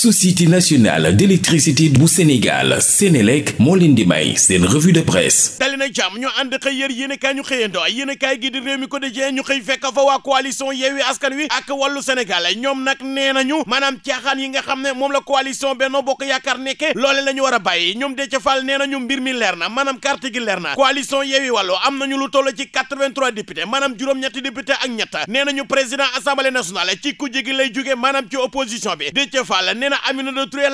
société nationale d'électricité bu Sénégal Sénélec moo leen di may seen revue de presse dali na jàmm ñu ànd xëy yér yéenekaay ñu xëyandoo yéenekaay gi di réew mi quotidien ñu xëy fekk fa waa coalition Yewwi Askan Wi ak wàllu Sénégal ñoom nag nee nañu maanaam caaxaan yi nga xam ne moom la coalition Benno Bokk Yaakaar nekke loole la ñu a bàyyi ñoom Déthié Fall nee nañu mbir mi leer na maanaam carte gi leer na coalition Yewwi Wallu am nañu lu toll ci 83 maanaam juróom-ñetti député ak ñett nee nañu président assemblée nationale ci kujje gi lay na Aminata Touré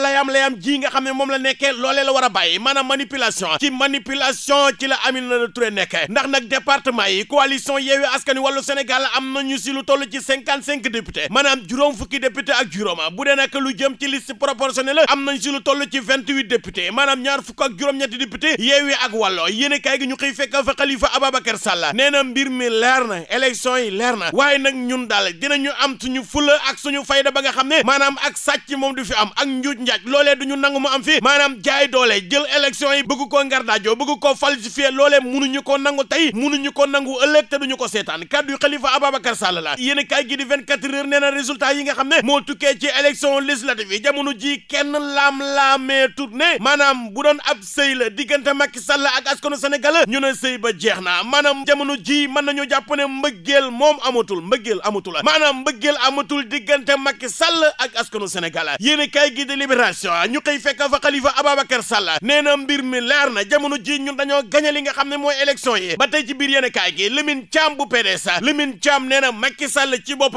ji nga xam ne moom la nekkee loolee la war a bàyyi maanaam manipulation ci manipulation ci la Aminata Touré nekkee ndax nag département yi coalition Yewwi Askan Wi Wallu Sénégal am na si lu toll ci cinquante cinq député maanaam juróom fukki député ak juróoma bu dee nag lu jëm ci liste proportionnelle am nañ si lu toll ci vingt huit député maanaam ñaar fukk ak juróom-ñetti député Yewwi ak Wallu yéene kaay gi ñu xëy fekk fa Khalifa Ababacar Sall nee na mbir mi leer na élection yi leer na waaye nag ñun daal dinañu am suñu fula ak suñu fayda ba nga xam ne maanaam ak sàcc fi am ak njuuj njaaj loolee du ñu nangu mu am fi maanaam jaay doole jël élection yi bëgg koo ngardaajoo bëgg koo falsifier loolee munuñu ko nangu tey ñu ko nangu ëllëg te duñu ko seetaan kaddu yu Khalifa Ababacar Sall la yéen kaay gi di 24 heures nee na résultat yi nga xam ne moo tukkee ci élection législative yi jamono ji kenn laam-laamee ne maanaam bu doon ab sëy la diggante Macky Sall ak askanu Sénégal ñu ne sëy ba jeex na maanaam jamono ji mën nañu jàpp ne mbëggeel moom amatul mbëggeel amatul maanaam mbëggeel amatul diggante Macky Sall ak askanu Sénégal yéene kaay gi de libération ñu koy fekk fa Khalifa Ababacar Sall nee na mbir mi leer na jamono ji ñun dañoo gañe li nga xam ne mooy élection yi ba tey ci gi Lamine Thiam bu PDS Lamine na Macky Sall ci a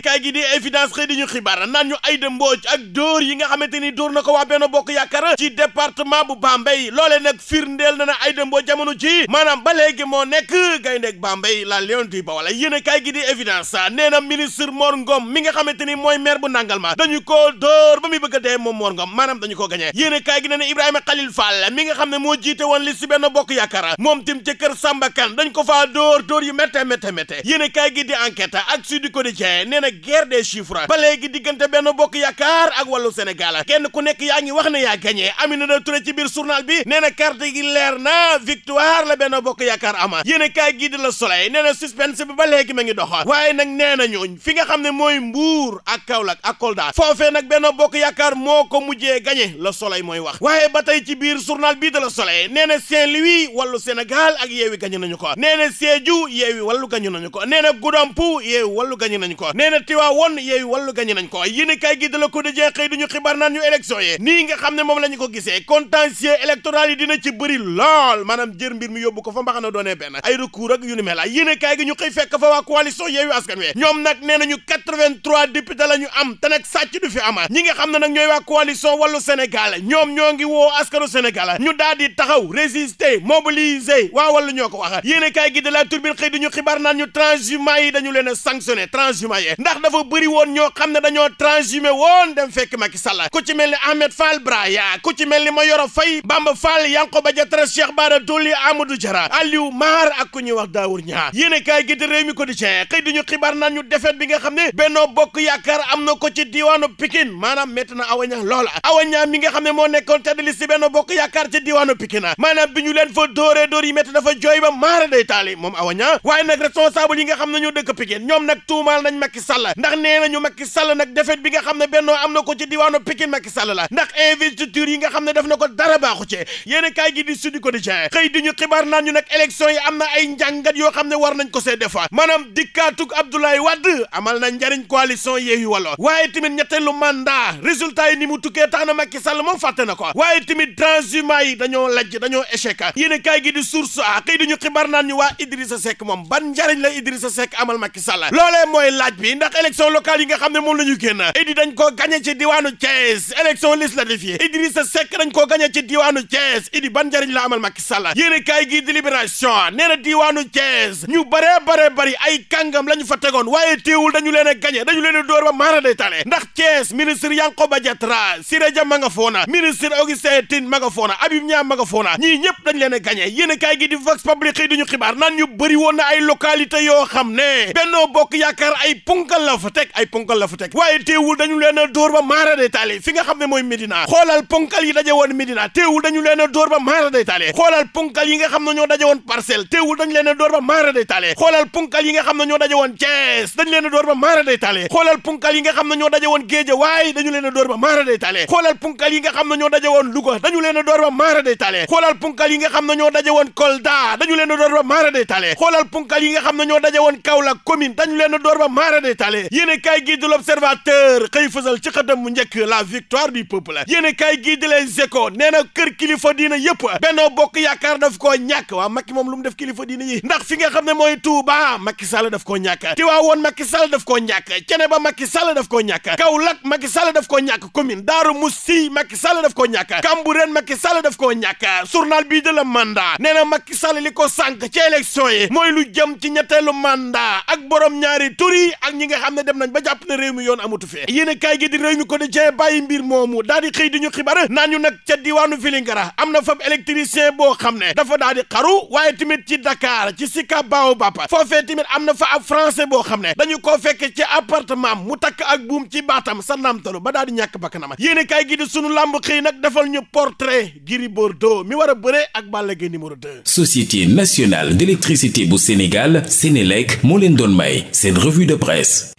xam xëy di ñu xibaar naan ñu Aïda Mbodj ak dóor yi nga xamante ni dóor na ko waa Benno Bokk Yaakaar ci département bu Bambey loolee nag firndeel na na Aïda Mbodj jamono ji maanaam ba léegi moo nekk gayndeeg Bambey la Lion du Baol yéene kaay gi di évidence nee ministre Mor mi nga xam xamante ni mooy maire bu Nangalma dañu ko dóor ba muy bëgg a dee moom Mor Ngom maanaam dañu koo gañee yéen a kaay gi ne ne Ibrahima Khalil Fall mi nga xam ne moo jiite woon li si benn bokk yaakaar moom tim ci kër Samba Kane dañ ko faa dóor dóor yu métte métte métte yéen a kaay gi di enquête ak Sud Quotidien nee na guerre des chiffres ba léegi diggante benn bokk yaakaar ak wàllu Sénégal kenn ku nekk yaa ngi wax na yaa gañee Aminata Touré bi nee na carte gi leer na victoire la bokk yaakaar ama yéen a kaay gi di la Soleil nee na suspense bi ba léegi ma ngi dox waaye fi nga xam ne mooy mbuur Mbuur ak Kaolack ak Kolda foofee nag benn bokk yaakaar moo ko mujjee gañe Le Soleil mooy wax waaye ba tey ci biir journal bii de Le Soleil nee na Saint-Louis ak yeewi gañe nañu ko nee na yeewi wàllu gañe nañu ko nee na yeewi wàllu gañe nañu ko nee na Tivaouane yeewi wàllu gañe nañ ko gi de ko de jeexee duñu xibaar naan ñu élection yi nii nga xam ne moom la ko gisee contentieux électoral yi dina ci bëri lool maanaam jër mbir mi yóbbu ko fa mbaxana doonee député la ñu am te nag du fi ama ñi nga xam ne nag ñooy waa coalition wàllu Sénégal ñoom ñoo ngi woo askanu Sénégal ñu daal di taxaw résister mobiliser waa wàllu ñoo ko wax yéen a kaay gi de la turbine xëy di ñu xibaar naan ñu transhumant yi dañu leen a sanctionné yi ndax dafa bëri woon ñoo xam ne dañoo transhumé woon dem fekk Macky Sall ci mel ni Ahmed Fall Braya ku ci mel ni Mayoro Faye Bamba Fall Yankhoba Diattara Cheikh Bara Dolly Amadou Diarra a kaay gi de réew mi ñu bi nga xam ne Benno yaakaar am na ko ci diwaanu Pikine maanaam métti na awaña lool awaña mi nga xam ne moo nekkoon tedd li si benn bokk yaakaar ci diwaanu Pikine maanaam bi ñu leen fa dóoree dóor yi métti na fa jooy ba maara day taali moom awaña waaye nag responsable yi nga xam ne ñoo dëkk Pikine ñoom nag tuumaal nañ Macky Sall ndax nee nañu Macky Sall nag defet bi nga xam ne bennoo am na ko ci diwaanu Pikine Macky Sall la ndax investiture yi nga xam ne def na ko dara baaxu ci yéen kaay gi na ay coalition Yewwi Wallu waaye tamit ñetteelu mandat résultat yi ni mu tukkee tax na Macky na ko waaye tamit transhumance yi dañoo lajj dañoo échec yéen a kaay gi di source a xëy di ñu xibaar naan ñu waa Idrissa Seck moom ban njariñ la Idrissa Seck amal Macky Sall loolee mooy laaj bi ndax élection locale yi nga xam ne moom la ñu na idi dañ ko gañe ci diwaanu Thiès élection législative yi Idrissa Seck dañ koo gañe ci diwaanu Thiès idi ban njariñ la amal Macky Sall yéen di Libération nee na diwaanu Thiès ñu bare bare la ñu fa tegoon waaye téewul dañu leen a gañe dañu leen di dóor ba maara day tale ndax Thiès ministre Yankhoba Diattara Siré Dia ma ñëpp dañ leen a gagné yéen kaay gi di vox publique yi xibaar naan bëri woon na ay localité yoo xam ne Benno Bokk Yaakaar ay punkal la fa teg ay punkal la fa teg waaye teewul dañu leen a dóor ba maara day tale nga xam ne mooy Médina xoolal punkal yi daje woon Médina teewul dañu leen a dóor ba maara day nga xam ne ñoo daje woon parcelle teewul dañu leen a dóor ba maara day tale xoolal punkal yi nga xam ne ñoo daje woon Thiès dañ leen a dóor ba maara day tale xoolal punkal yi nga xam ne ñoo daje woon géeja waaye dañu leen a door ba maara day tale xoolal punkal yi nga xam ne ñoo daje woon Louga dañu leen a door ba maara day tale xoolal punkal yi nga xam ne ñoo daje woon Kolda dañu leen a door ba maara day tale xoolal punkal yi nga xam ne ñoo daje woon Kaolack commune dañu leen a door ba maara day tale yéene kaay gi di l'Observateur xëy fësal ci xëtam mu njëkk la victoire du peuple yéene kaay gi di Les Échos nee na kër kilifa diina yëpp Benno Bokk Yaakaar daf koo ñàkk waa Macky moom lu mu def kilifa diina yi ndax fi nga xam ne mooy Touba Macky Sall daf koo ñàkk Tiwaawoon Macky Sall daf koo ñàkk Thiénaba Macky Sall ko koo ñàkk Kaolack Macky Sall daf koo ñàkk commune Daaru Musi Macky Sall daf ko ñàkk Cambérène Macky Sall daf koo ñàkk journal bii de la mandat nee na Macky Sall li ko sànq ci élection yi mooy lu jëm ci ñetteelu mandat ak borom ñaari tur yi ak ñi nga xam ne dem nañ ba jàpp ne réew mi yoon amutu fee yéen a kaay gi di réew mi ko di jee bàyyi mbir moomu daal di xëy di ñu xibaar naa ñu nag ca diwaanu Vélingara am na fab électricien boo xam ne dafa daal di xaru waaye tamit ci Dakar ci Sicap Baobab foofee tamit na fa ab boo xam ne dañu koo fekk ci maam mu takk ak buum ci baatam sa naamtalu ba daal di ñàkk bakkanam yéene kaay gi di sunu làmb xëy nag defal ñu portrait Gris Bordeaux mi war a bëre ak Balla Gaye numéro 2. Société nationale d'électricité bu Sénégal Sénélec moo leen doon may seen revue de presse.